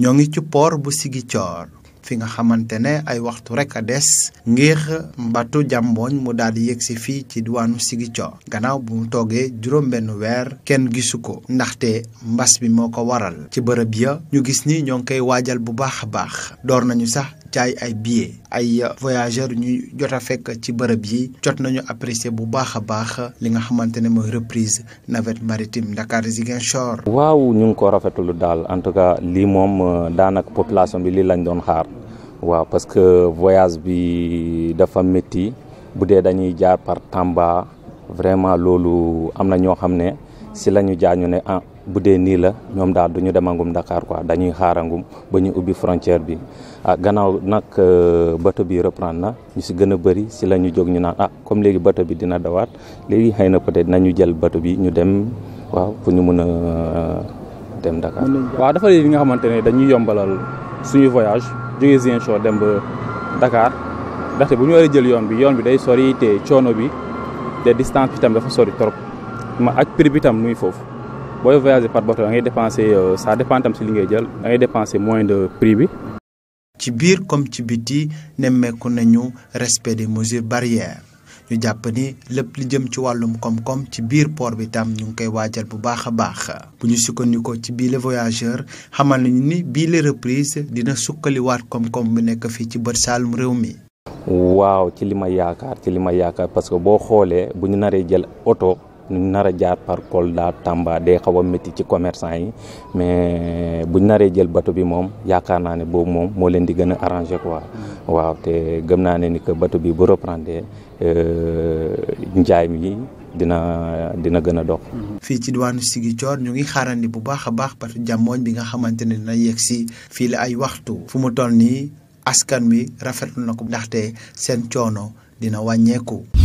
ñoo ngi ci port bu Ziguinchor fi nga xamante ne ay waxtu rek a des ngir mbattu jàmboñ mu daal di yegsi fii ci diwaanu Ziguinchor gannaaw bu mu toogee juróom-benn weer kenn gisu ko ndaxte mbas bi moo ko waral ci bërëb ya ñu gis ni ñoo ngi koy waajal bu baax a baax door nañu sax jaay ay billets ay euh, voyageurs ñuy jot a fekk ci bërëb yi jot nañu apprécier bu baax a baax li nga xamante ne mooy reprise navette maritime Dakar Ziguinchor. waaw ñu ngi ko rafetlu daal en tout cas lii moom euh, daanaka population bi lii lañ doon xaar waaw parce que voyage bi dafa métti bu dee dañuy jaar par Tamba vraiment loolu am na ñoo xam ne. si la ñu jaañu ne ah bu dee nii la ñoom daal du ñu demangum Dakar quoi dañuy xaarangum ba ñu ubbi frontière bi ah gannaaw nag euh, bato bi reprendre na ñu si gën a bëri si la ñu jóg ñu naan ah comme léegi bato bi dina dawaat léegi xëy na peut-être nañu jël bato bi ñu dem waaw pour ñu mën a euh, dem Dakar. waaw dafa li nga xamante ne dañuy yombalal suñu voyage jógee Ziguinchor dem ba Dakar ndaxte bu ñu war jël yoon bi yoon bi day sori te coono bi te distance bi tam dafa sori trop. ma ak prix bi tam muy foofu booy voyager par bateau da ngay dépenser euh, ça dépend tam si li ngay jël da ngay dépenser moins de prix bi. ci biir comme ci biti nemmeeku nañu respect des mesures barrières ñu jàpp ni lépp li jëm ci wàllum koom-koom ci biir port bi itam ñu ngi koy waajal bu baax a baax bu ñu sukkandikoo ci le voyageur xamal nañu ni biile reprise dina sukkaliwaat koom-koom bu nekk fii ci bët saalum réew mi. waaw ci li ma yaakaar ci li ma yaakaar parce que boo xoolee bu ñu naree jël oto. nar a jaar par Kolda Tamba day xaw a métti ci commerçant yi mais buñ naree jël bato bi moom yaakaar naa ne boobu moom moo leen di gën a arrangé quoi waaw te gëm naa ne ni que bato bi bu reprendre euh, njaay mi dina dina gën a dox. fii ci diwaanu Ziguinchor ñu ngi xaarandi bu baax a baax bato jàmmooñ bi nga xamante ne dina yegg si fii la ay waxtu fu mu toll nii askan wi rafetlu na ko ndaxte seen coono dina wàññeeku.